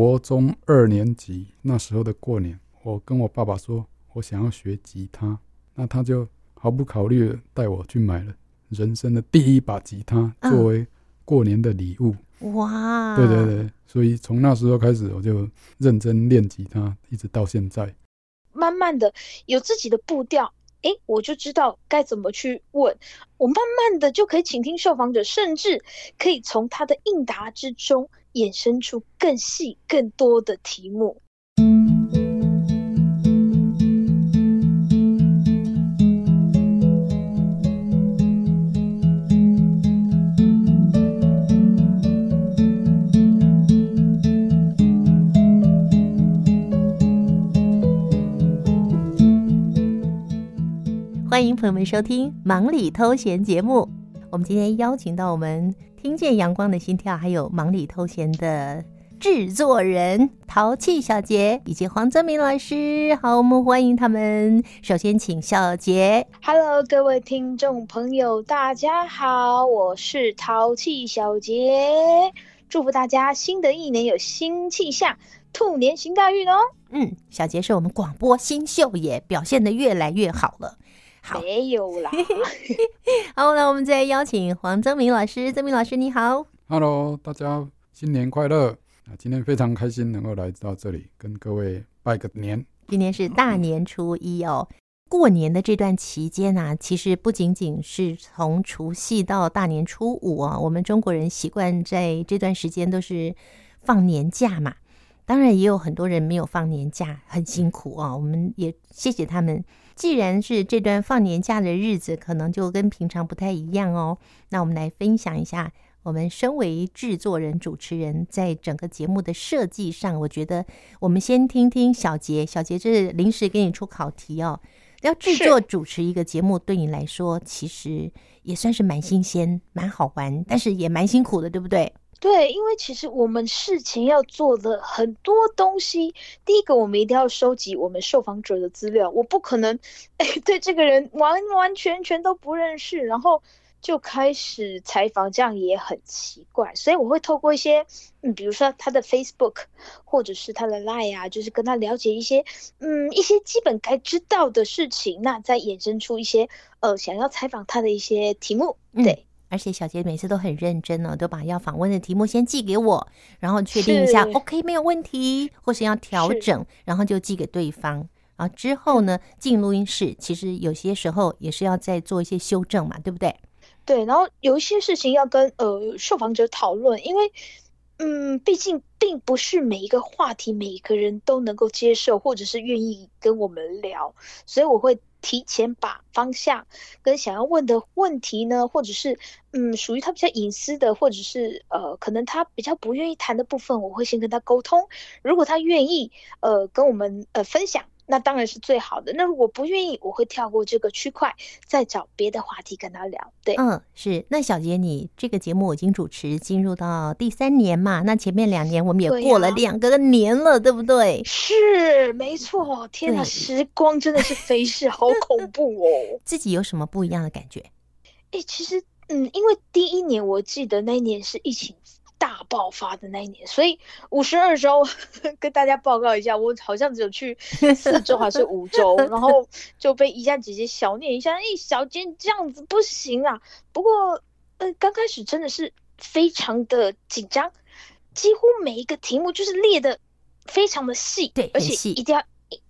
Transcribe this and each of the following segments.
國中二年級那時候的過年，我跟我爸爸說，我想要學吉他，那他就毫不考慮帶我去買了人生的第一把吉他，作為過年的禮物。啊。哇！對對對，所以從那時候開始，我就認真練吉他，一直到現在。慢慢的有自己的步調，哎，我就知道該怎麼去問。我慢慢的就可以傾聽受訪者，甚至可以從他的應答之中。衍生出更細、更多的題目。歡迎朋友們收聽《盲裡偷賢》節目。我們今天邀請到我們聽見陽光的心跳，還有盲裡偷賢的製作人陶器曉婕，以及黃增民老師。好，我們歡迎他們。首先，請曉婕。Hello，各位聽眾朋友，大家好，我是陶器曉婕，祝福大家新的一年有新氣象，兔年行大運哦。嗯，曉婕是我們廣播新秀也，表現得越來越好了。沒有啦。 好，那我們再邀請黃增民老師。增民老師，你好。Hello，大家新年快樂啊！今天非常開心能夠來到這裡，跟各位拜個年。今天是大年初一哦。 過年的這段期間啊，其實不僅僅是從除夕到大年初五啊、哦，我們中國人習慣在這段時間都是放年假嘛。當然也有很多人沒有放年假，很辛苦啊、哦。我們也謝謝他們。既然是這段放年假的日子，可能就跟平常不太一樣哦。那我們來分享一下，我們身為制作人、主持人，在整個節目的設計上，我覺得我們先聽聽曉婕。曉婕，這是臨時給你出考題哦。要制作主持一個節目，對你來說其實也算是蠻新鮮、蠻好玩，但是也蠻辛苦的，對不對？對，因為其實我們事情要做的很多東西，第一個我們一定要收集我們受訪者的資料，我不可能，哎，對這個人完完全全都不認識，然後就開始採訪，這樣也很奇怪。所以我會透過一些，嗯，比如說他的 Facebook，或者是他的 Line 啊，就是跟他了解一些，嗯，一些基本該知道的事情，那再衍生出一些，呃，想要採訪他的一些題目，對。嗯而且曉婕每次都很認真哦，都把要訪問的題目先寄給我，然後確定一下，OK 沒有問題，或是要調整，然後就寄給對方。然後之後呢，進錄音室，其實有些時候也是要再做一些修正嘛，對不對？對。然後有一些事情要跟呃受訪者討論，因為嗯，畢竟並不是每一個話題每一個人都能夠接受，或者是願意跟我們聊，所以我會，提前把方向跟想要問的問題呢，或者是嗯，屬於他比較隱私的，或者是呃，可能他比較不願意談的部分，我會先跟他溝通，如果他願意，呃，跟我們呃分享。那當然是最好的。那如果不願意，我會跳過這個區塊，再找別的話題跟他聊。對，嗯，是。那曉婕，你這個節目我已經主持進入到第三年嘛？那前面兩年我們也過了兩個年了對、啊，對不對？是，沒錯。天哪，時光真的是飛逝，好恐怖哦。 自己有什麼不一樣的感覺？誒、欸，其實，嗯，因為第一年我記得那一年是疫情，大爆發的那一年，所以五十二週跟大家報告一下，我好像只有去四週還是五週， 然後就被沂家姐姐小念一下，哎、欸、小婕這樣子不行啊。不過、呃，剛開始真的是非常的緊張，幾乎每一個題目就是列的非常的細，對，而且一定要。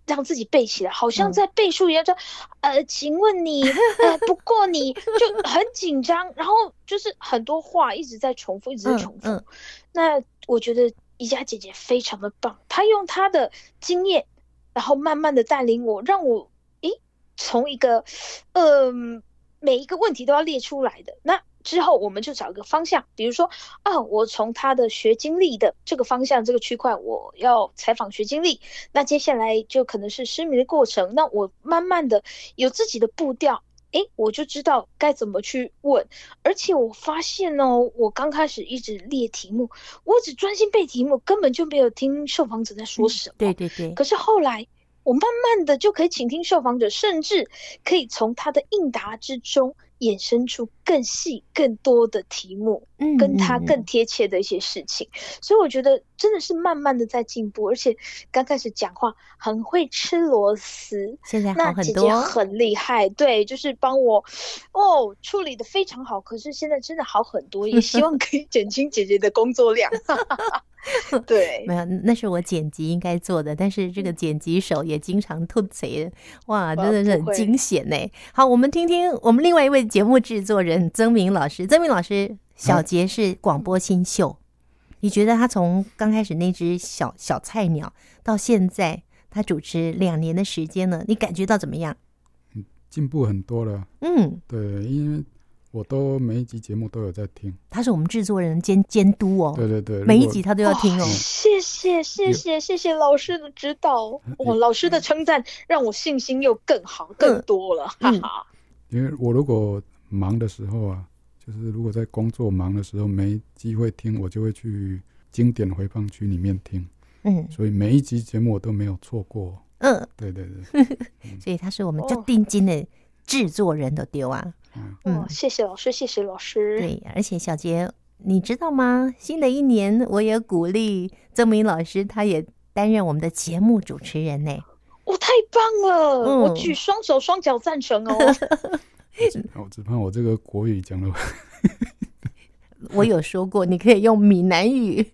讓自己背起來，好像在背書一樣說。說、嗯，呃，請問你，呃，不過你 就很緊張，然後就是很多話一直在重複，一直在重複。嗯嗯、那我覺得沂家姐姐非常的棒，她用她的經驗，然後慢慢的帶領我，讓我，誒、欸，從一個，呃，每一個問題都要列出來的那。之後，我們就找一個方向，比如說，啊，我從他的學經歷的這個方向、這個區塊，我要採訪學經歷。那接下來就可能是失明的過程。那我慢慢的有自己的步調，哎，我就知道該怎麼去問。而且我發現哦，我剛開始一直列題目，我只專心背題目，根本就沒有聽受訪者在說什麼。嗯，對對對。可是後來，我慢慢的就可以傾聽受訪者，甚至可以從他的應答之中。衍生出更細、更多的題目。跟他更貼切的一些事情。嗯嗯，所以我覺得真的是慢慢的在進步，而且剛開始講話很會吃螺絲，現在好很多。啊，那姐姐很厲害，對，就是幫我哦處理的非常好，可是現在真的好很多，也希望可以減輕姐姐的工作量。 對，沒有，那是我剪輯應該做的，但是這個剪輯手也經常偷賊，哇，真的是很驚險呢。好，我們聽聽我們另外一位節目製作人增民老師，增民老師。曉婕是廣播新秀，啊，你覺得他從剛開始那隻小小菜鳥，到現在他主持兩年的時間了，你感覺到怎麼樣？進步很多了。嗯，對，因為我都每一集節目都有在聽。他是我們制作人監監督哦。對對對，每一集他都要聽哦。謝謝謝謝謝謝老師的指導，哇、哦，老師的稱讚讓我信心又更好、嗯、更多了，哈哈、嗯嗯。因為我如果忙的時候啊。就是如果在工作忙的時候沒機會聽，我就會去經典回放區裡面聽。嗯，所以每一集節目我都沒有錯過。嗯、呃，對對對、 嗯。所以他是我們就定金的制作人的丟啊。嗯、哦，謝謝老師，謝謝老師。對，而且曉婕，你知道嗎？新的一年我也鼓勵增民老師，他也擔任我們的節目主持人呢、欸。我、哦、太棒了！嗯、我舉雙手雙腳贊成哦。 我只怕我這個國語講得。我有說過，你可以用閩南語。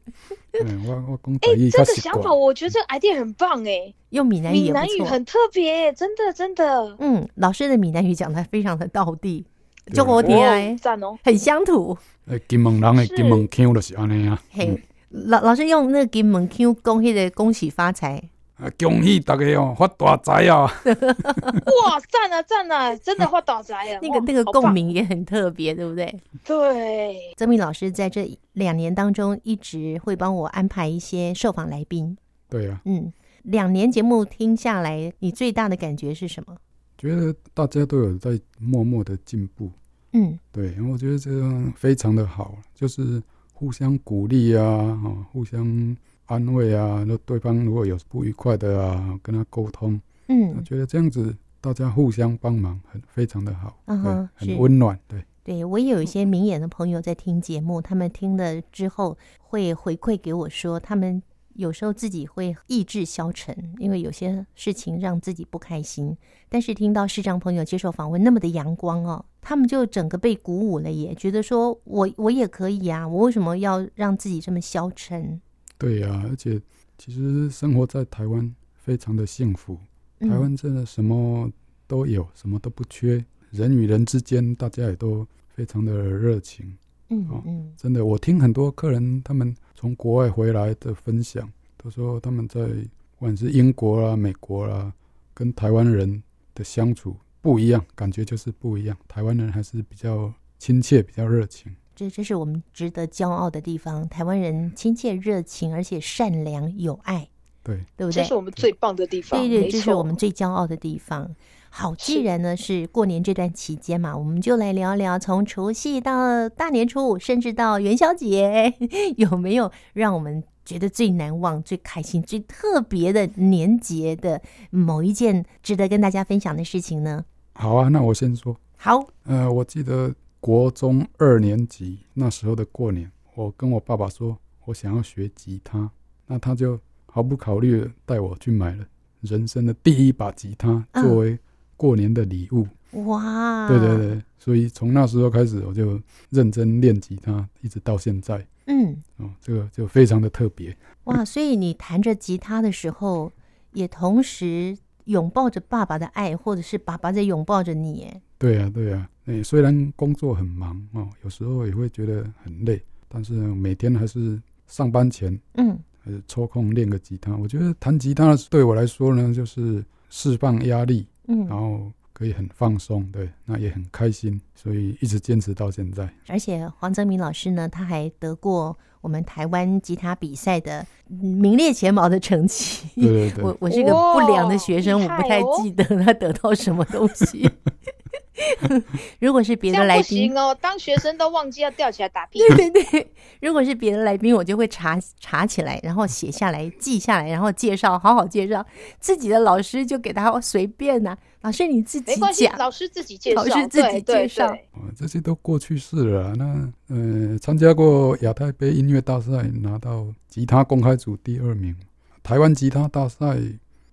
哎、 欸、這個想法，我覺得這個 idea 很棒哎。用閩南語，閩南語很特別，真的真的。嗯，老師的閩南語講的非常的道地，就我爹哎，很鄉土、欸。金門人的金門腔就是安尼啊。很、嗯、老老師用那個金門腔講，那個恭喜發財。啊，恭喜大家哦，發大財啊！ 哇，讚啊，讚啊，真的發大財啊、 那個！那個那個共鳴也很特別，對不對？對。增民老師在這兩年當中，一直會幫我安排一些受訪來賓。對啊，嗯，兩年節目聽下來，你最大的感覺是什麼？覺得大家都有在默默的進步。嗯，對，我覺得這非常的好，就是互相鼓勵啊、哦，互相。安慰啊，那對方如果有不愉快的啊，跟他溝通，嗯，我覺得這樣子大家互相幫忙很，很非常的好，啊、嗯，很溫暖，對，對。我也有一些明眼的朋友在聽節目，他們聽了之後會回饋給我說，他們有時候自己會意志消沉，因為有些事情讓自己不開心，但是聽到視障朋友接受訪問那麼的陽光哦，他們就整個被鼓舞了耶，也覺得說我我也可以啊，我為什麼要讓自己這麼消沉？對呀、啊，而且其實生活在台灣非常的幸福，嗯，台灣真的什麼都有，什麼都不缺，人與人之間大家也都非常的熱情。嗯嗯，哦、真的，我聽很多客人他們從國外回來的分享，都說他們在不管是英國啦、啊、美國啦、啊，跟台灣人的相處不一樣，感覺就是不一樣。台灣人還是比較親切，比較熱情。這這是我們值得驕傲的地方。台灣人親切、熱情，而且善良、有愛，對，對不對？這是我們最棒的地方，對對，這是我們最驕傲的地方。好，既然呢是過年這段期間嘛，我們就來聊聊從除夕到大年初五，甚至到元宵節，有沒有讓我們覺得最難忘、最開心、最特別的年節的某一件值得跟大家分享的事情呢？好啊，那我先說。好，呃，我記得。國中二年級那時候的過年，我跟我爸爸說，我想要學吉他，那他就毫不考慮帶我去買了人生的第一把吉他，作為過年的禮物。啊。哇！對對對，所以從那時候開始，我就認真練吉他，一直到現在。嗯，哦、嗯，這個就非常的特別。哇！所以你彈着吉他的時候，也同時。擁抱着爸爸的愛，或者是爸爸在擁抱着你，哎，對呀，啊，對呀，啊，哎，欸，雖然工作很忙，哦，有時候也會覺得很累，但是每天還是上班前，嗯，還是抽空練個吉他。我覺得彈吉他對我來說呢，就是釋放壓力，嗯，然後。可以很放鬆，對，那也很開心，所以一直堅持到現在。而且黃增民老師呢，他還得過我們台灣吉他比賽的名列前茅的成績。對對對，我我是個不良的學生，我不太記得他得到什麼東西。哦 如果是別的來賓哦，當學生都忘記要吊起來打屁股。 對對對，如果是別的來賓，我就會查查起來，然後寫下來、記下來，然後介紹，好好介紹。自己的老師就給他隨便吶、啊，老師你自己講，老師自己介紹，老師自己介紹。這些都過去式了、啊。那嗯，參、呃、加過亞太杯音樂大賽，拿到吉他公開組第二名，台灣吉他大賽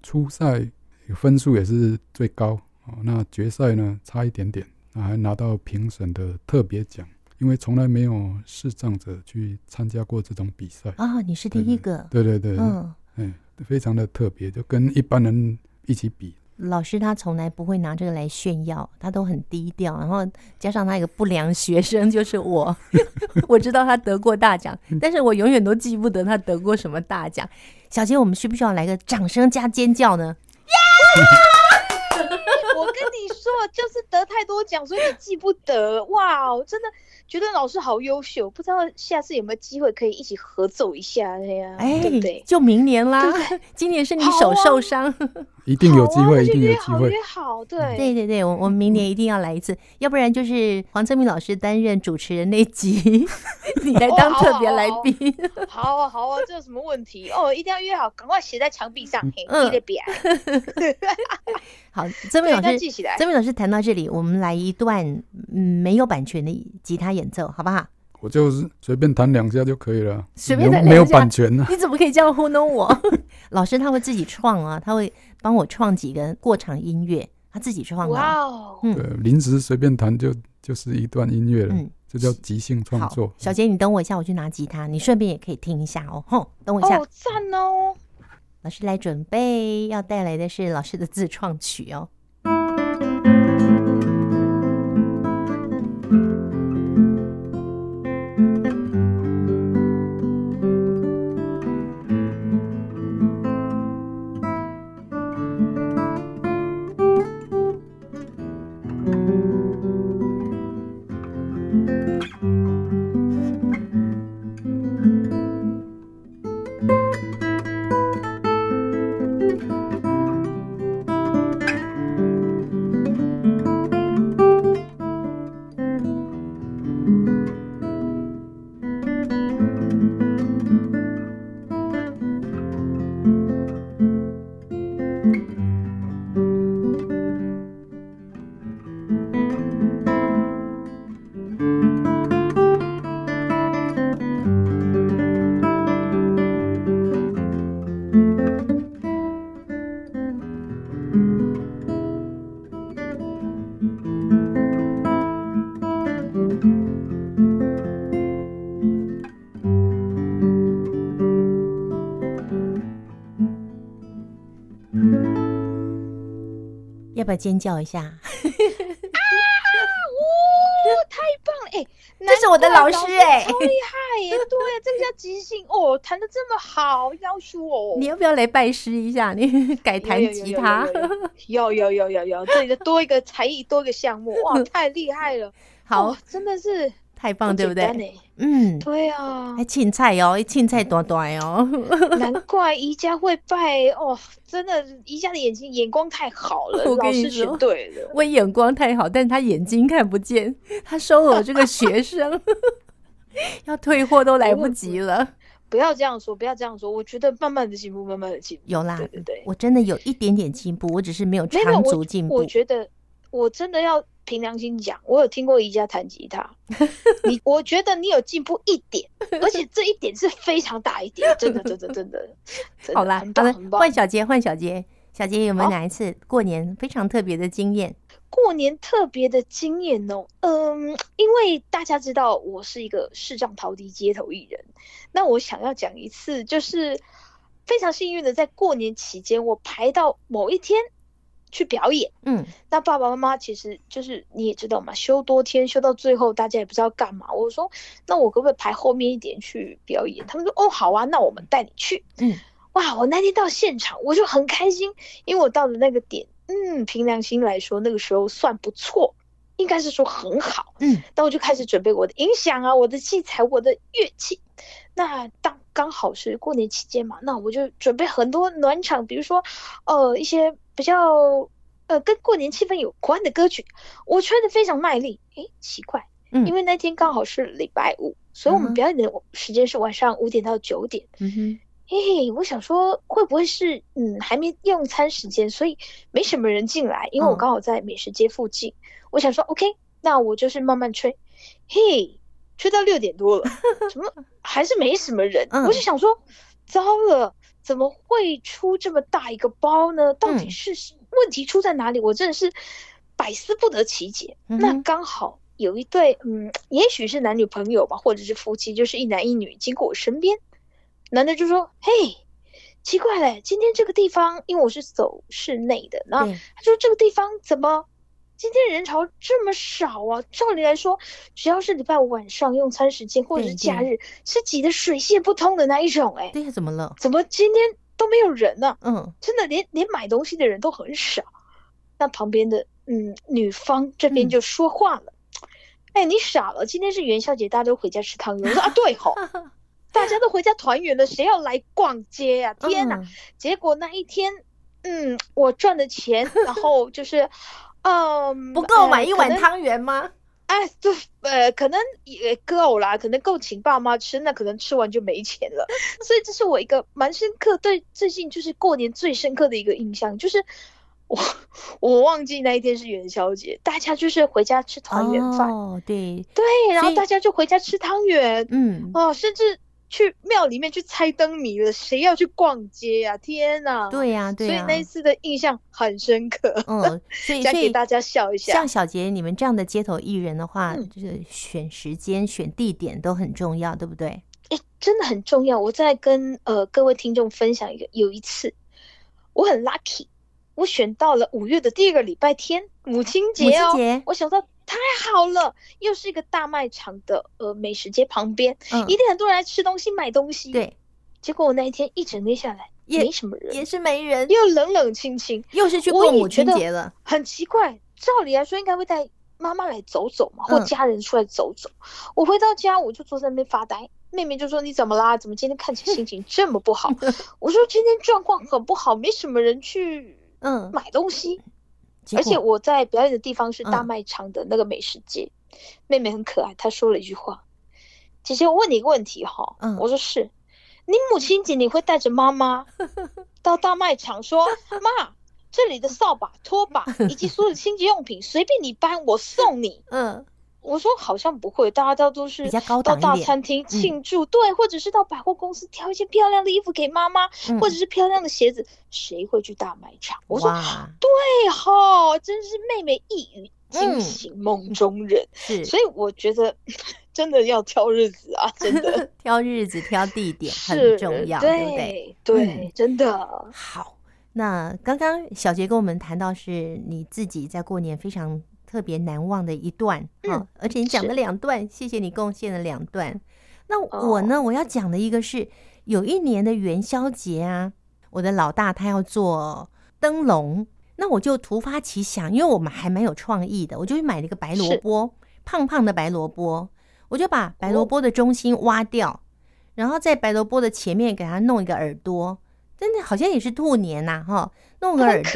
初賽分數也是最高。哦、那決賽呢，差一點點，啊、還拿到評審的特別獎，因為從來沒有視障者去參加過這種比賽啊、哦。你是第一個。對對，對對。嗯、哦，非常的特別，就跟一般人一起比。老師他從來不會拿這個來炫耀，他都很低調。然後加上他一個不良學生就是我， 我知道他得過大獎， 但是我永遠都記不得他得過什麼大獎。曉婕，我們需不需要來個掌聲加尖叫呢？Yeah! 就是得太多獎，所以記不得。哇，我真的覺得老師好優秀，不知道下次有沒有機會可以一起合奏一下呀？哎、欸對對，就明年啦對對。今年是你手受傷、啊。 一定有機會、啊約，一定有機會。約好，約好對對對對，我們明年一定要來一次，嗯、要不然就是黃增民老師擔任主持人那集，嗯、 你來當特別來賓、哦。好啊好啊，好啊，這有什麼問題？ 哦，一定要約好，趕快寫在牆壁上，記、嗯、在筆上。 好，增民老師，增民老師談到這裡，我們來一段沒有版權的吉他演奏，好不好？我就是隨便彈兩下就可以了，隨便彈兩下。沒有版權、啊、你怎麼可以這樣糊弄我？ 老師他會自己創啊，他會。幫我創幾個過場音樂，他自己創的。哇、wow.，嗯，臨時隨便彈就就是一段音樂了，嗯，這叫即興創作。嗯、小杰，你等我一下，我去拿吉他，你順便也可以聽一下哦。哼，等我一下。好、oh, 讚哦！老師來準備，要帶來的是老師的自創曲哦。要不要尖叫一下？ 啊！哇、哦，太棒了！哎，這是我的老師哎、欸，超厲害哎、欸！ 對耶，這個叫即興哦，彈得這麼好，要求哦！你要不要來拜師一下？你呵呵改彈吉他？有有有有有，這裡的多一個才藝，多個項目， 哇，太厲害了！ 好、哦，真的是。太棒，對不對？嗯，對啊，還青菜哦，青菜短短哦， 難怪沂家會拜哦，真的沂家的眼睛眼光太好了，我跟你說對了。我眼光太好，但是他眼睛看不見，他收了我這個學生， 要退貨都來不及了。不要這樣說，不要這樣說，我覺得慢慢的進步，慢慢的進步，有啦，對對，對，我真的有一點點進步，我只是沒有長足進步我。我覺得。我真的要憑良心講，我有聽過沂家彈吉他， 你，我覺得你有進步一點， 而且這一點是非常大一點，真的真的真的，真的。好啦，換曉婕，換曉婕，曉婕有沒有哪一次過年非常特別的經驗？過年特別的經驗哦，嗯，因為大家知道我是一個視障陶笛街頭藝人，那我想要講一次，就是非常幸運的在過年期間，我排到某一天。去表演，嗯，那爸爸媽媽其實就是你也知道嘛，休多天，休到最後大家也不知道幹嘛。我說，那我可不可以排後面一點去表演？他們說，哦，好啊，那我們帶你去。嗯，哇，我那天到現場我就很開心，因為我到了那個點，嗯，憑良心來說，那個時候算不錯，應該是說很好。嗯，但我就開始準備我的音響啊，我的器材，我的樂器。那當剛好是過年期間嘛，那我就準備很多暖場，比如說，呃，一些。比較，呃，跟過年氣氛有關的歌曲，我吹得非常賣力。誒、欸，奇怪，因為那天剛好是禮拜五、嗯，所以我們表演的時間是晚上五點到九點。嗯哼，嘿嘿，我想說會不會是嗯還沒用餐時間，所以沒什麼人進來？因為我剛好在美食街附近、嗯。我想說，OK，那我就是慢慢吹，嘿、hey,，吹到六點多了， 怎麼還是沒什麼人、嗯？我就想說，糟了。怎麼會出這麼大一個包呢？到底是，嗯，問題出在哪裡？我真的是百思不得其解，嗯。那剛好有一對，嗯，也許是男女朋友吧，或者是夫妻，就是一男一女經過我身邊，男的就說：“嘿，奇怪了，今天這個地方，因為我是走室內的，然後他說這個地方怎麼？”嗯今天人潮這麼少啊！照理來說，只要是禮拜五晚上用餐時間或者假日，是擠得水泄不通的那一種。哎，那怎麼了？怎麼今天都沒有人呢、啊？嗯，真的連連買東西的人都很少。那旁邊的嗯女方這邊就說話了、嗯：“哎，你傻了？今天是元宵節，大家都回家吃湯圓。”我說：“ 啊，對吼、哦，大家都回家團圓了， 誰要來逛街啊？”天吶、嗯、結果那一天，嗯，我賺的錢，然後就是。 嗯、um,，不夠買、呃、一碗湯圓嗎？哎、呃，對，呃，可能也夠啦，可能夠請爸媽吃，那可能吃完就沒錢了。 所以這是我一個蠻深刻，對最近就是過年最深刻的一個印象，就是我我忘記那一天是元宵節，大家就是回家吃團圓飯，oh, 對對，然後大家就回家吃湯圓，嗯，哦、啊，甚至。去廟裡面去猜燈謎了，誰要去逛街呀、啊？天吶，對呀、啊，對呀、啊，所以那一次的印象很深刻。 嗯、哦，所以所以想給大家笑一下。像小杰你們這樣的街頭藝人的話、嗯，就是選時間、選地點都很重要，對不對？哎，真的很重要。我再跟呃各位聽眾分享一個，有一次我很 lucky，我選到了五月的第一個禮拜天，母親節哦，母親節我想到。太好了，又是一個大賣場的呃美食街旁邊、嗯，一定很多人來吃東西、買東西。對，結果我那一天一整天下來也沒什麼人，也是沒人，又冷冷清清，又是去過母親節了，我覺得很奇怪。照理來說應該會帶媽媽來走走嘛、嗯，或家人出來走走。我回到家，我就坐在那邊發呆、嗯。妹妹就說：“你怎麼啦？怎麼今天看起來心情這麼不好？”嗯、我說：“今天狀況很不好、嗯，沒什麼人去，嗯，買東西。”而且我在表演的地方是大賣場的那個美食街、嗯，妹妹很可愛，她說了一句話：“姐姐，我問你一個問題哈、哦，嗯，我說是，你母親節你會帶着媽媽到大賣場說，媽， 這裡的掃把、拖把以及所有的清潔用品隨便你搬，我送你。”嗯。我說好像不會，大家都是到大餐廳慶祝，對、嗯，或者是到百貨公司挑一件漂亮的衣服給媽媽、嗯，或者是漂亮的鞋子。誰會去大賣場？我說哇對哈，真是妹妹一語驚醒夢中人、嗯是。所以我覺得真的要挑日子啊，真的 挑日子挑地點很重要，對對、對？對，嗯、真的好。那剛剛曉婕跟我們談到，是你自己在過年非常。特別難忘的一段、嗯哦、而且你講了兩段，謝謝你貢獻了兩段。那我呢？Oh. 我要講的一個是，有一年的元宵節啊，我的老大他要做燈籠，那我就突發奇想，因為我們還蠻有創意的，我就去買了一個白蘿蔔，胖胖的白蘿蔔，我就把白蘿蔔的中心挖掉，oh. 然後在白蘿蔔的前面給他弄一個耳朵，真的好像也是兔年吶、啊、哈、哦。弄個耳朵，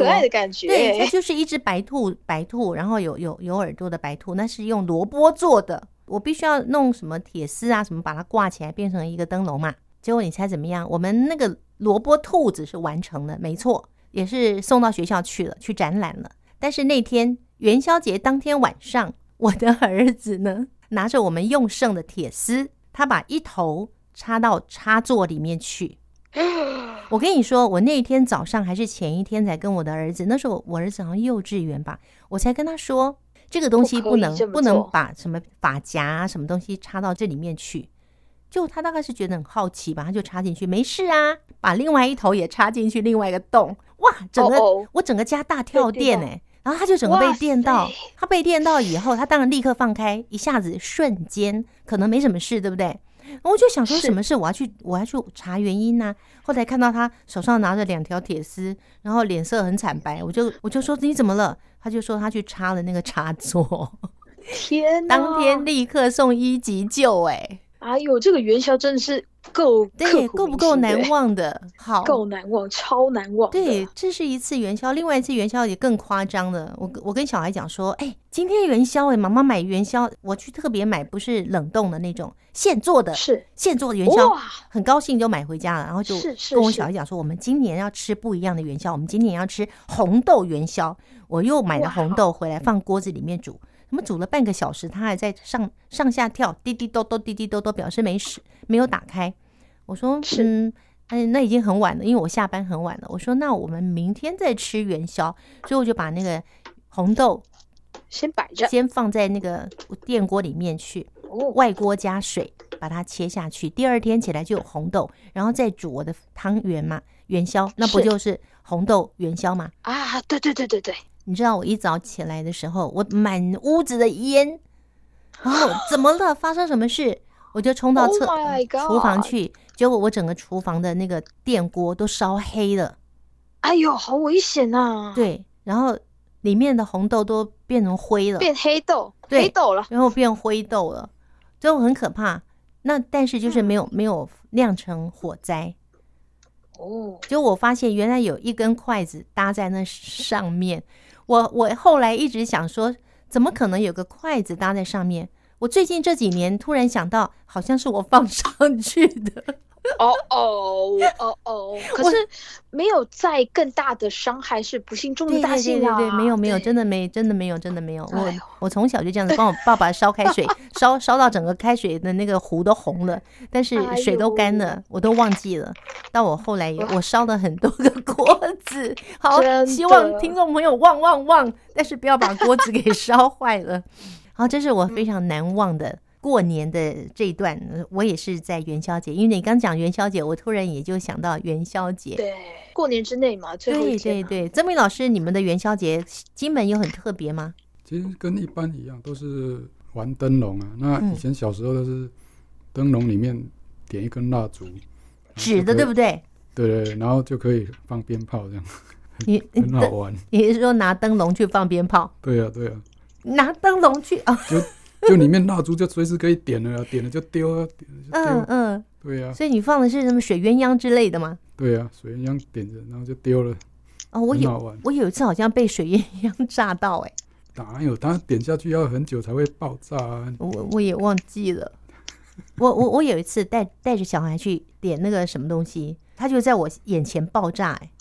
對，它就是一只白兔，白兔，然後有有有耳朵的白兔，那是用蘿蔔做的。我必須要弄什麼鐵絲啊，什麼把它掛起來變成一個燈籠嘛。結果你猜怎麼樣？我們那個蘿蔔兔子是完成的，沒錯，也是送到學校去了，去展覽了。但是那天元宵節當天晚上，我的兒子呢，拿着我們用剩的鐵絲，他把一頭插到插座裡面去。 我跟你說，我那天早上還是前一天才跟我的兒子，那時候我兒子好像幼稚園吧，我才跟他說這個東西不能不，不能把什麼髮夾什麼東西插到這裡面去。就他大概是覺得很好奇吧，他就插進去，沒事啊，把另外一頭也插進去另外一個洞，哇，整個哦哦我整個家大跳電誒、欸啊，然後他就整個被電到，他被電到以後，他當然立刻放開，一下子瞬間可能沒什麼事，對不對？我就想說，什麼事？我要去，我要去查原因呢、啊，後來看到他手上拿着兩條鐵絲，然後臉色很慘白，我就我就說你怎麼了？他就說他去插了那個插座。天哪， 當天立刻送醫急救、欸。誒。哎呦，這個元宵真的是。夠對，夠不夠難忘的？好，夠難忘，超難忘。對，這是一次元宵，另外一次元宵也更誇張的。我跟我跟小孩講說，哎，今天元宵，欸，哎，媽媽買元宵，我去特別買，不是冷凍的那種，現做的，是現做的元宵，哇，很高興就買回家了。然後就跟我小孩講說，是是是，我們今年要吃不一樣的元宵，我們今年要吃紅豆元宵。我又買了紅豆回來，放鍋子裡面煮。我們煮了半個小時，它還在上上下跳，滴滴嘟嘟，滴滴嘟嘟，表示沒事，沒有打開。我說，嗯，哎，那已經很晚了，因為我下班很晚了。我說，那我們明天再吃元宵，所以我就把那個紅豆先擺着，先放在那個電鍋裡面去，外鍋加水把它切下去。第二天起來就有紅豆，然後再煮我的湯圓嘛，元宵，那不就是紅豆元宵嘛？啊，對對對對對。你知道，我一早起來的時候，我滿屋子的煙，然後怎麼了？發生什麼事？我就衝到廁廚房去，結果我整個廚房的那個電鍋都燒黑了，哎呦，好危險吶！對，然後裡面的紅豆都變成灰了，變黑豆，黑豆了，然後變灰豆了，就很可怕。那但是就是沒有沒有釀成火災，哦，結果我發現原來有一根筷子搭在那上面。我我後來一直想說，怎麼可能有個筷子搭在上面？我最近這幾年突然想到，好像是我放上去的。 哦哦哦哦！可是沒有再更大的傷害，是不幸中的大幸啊！對，對對對，沒有沒有，真的沒真的沒有真的沒有，真的沒有。我、哎、我從小就這樣子幫我爸爸燒開水， 燒燒到整個開水的那個壺都紅了，但是水都乾了，哎、我都忘記了。到我後來我燒了很多個鍋子，好的，希望聽眾朋友旺旺旺，但是不要把鍋子給燒壞了。 好，這是我非常難忘的。嗯過年的這一段，我也是在元宵節，因為你剛講元宵節，我突然也就想到元宵節。對，過年之內嘛，最後一天嘛，對對對，增民老師，你們的元宵節，金門有很特別嗎？其實跟一般一樣，都是玩燈籠啊。那以前小時候都是，燈籠裡面點一根蠟燭，紙、嗯、的，對不對？對，對，對，然後就可以放鞭炮這樣，你很好玩。你是說拿燈籠去放鞭炮？對呀、啊，對呀、啊，拿燈籠去啊。 就裡面蠟燭就隨時可以點了，點了就丟啊，點了就丟，嗯嗯，對呀、啊。所以你放的是什麼水鴛鴦之類的嗎？對呀、啊，水鴛鴦點着，然後就丟了。哦，我有，我有一次好像被水鴛鴦炸到、欸、哎。哪有？當然點下去要很久才會爆炸啊！我我也忘記了。我我我有一次帶帶着小孩去點那個什麼東西， 他就在我眼前爆炸哎、欸。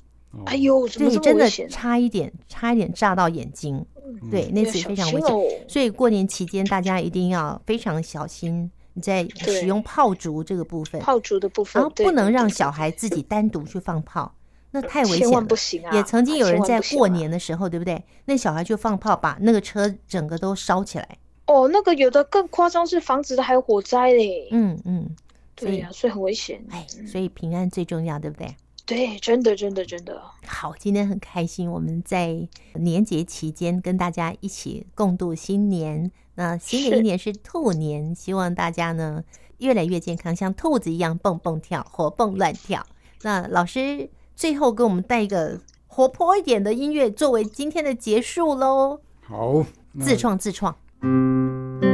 哎呦，麼這是真的差一點，差一點炸到眼睛，嗯、對，那、嗯、次非常危險、哦。所以過年期間大家一定要非常小心，在使用炮竹這個部分，炮竹的部分，然後不能讓小孩自己單獨去放炮，哦、那太危險了，千萬不行啊！也曾經有人在過年的時候，啊不啊、對不對？那小孩就放炮、哦，把那個車整個都燒起來。哦，那個有的更誇張是防止的，是房子還有火災嘞。嗯嗯，對呀、啊，所以很危險。哎，所以平安最重要，對不對？對，真的，真的，真的。好，今天很開心，我們在年節期間跟大家一起共度新年。那新年一年是兔年，希望大家呢越來越健康，像兔子一樣蹦蹦跳，活蹦亂跳。那老師最後給我們帶一個活潑一點的音樂，作為今天的結束嘍。好，自創自創。自創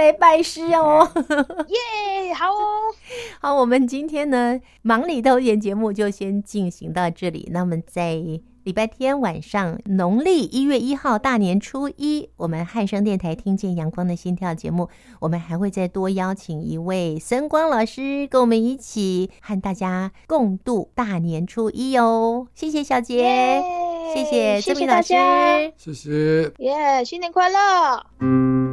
來拜師哦！耶、 yeah，好哦，好。我們今天呢盲裡偷賢，節目就先進行到這裡。那麼在禮拜天晚上農曆一月一號大年初一，我們漢聲電台聽見陽光的心跳節目，我們還會再多邀請一位森光老師跟我們一起和大家共度大年初一哦。謝謝曉婕，yeah, 謝謝增民老師，謝謝，耶，yeah, 新年快樂！嗯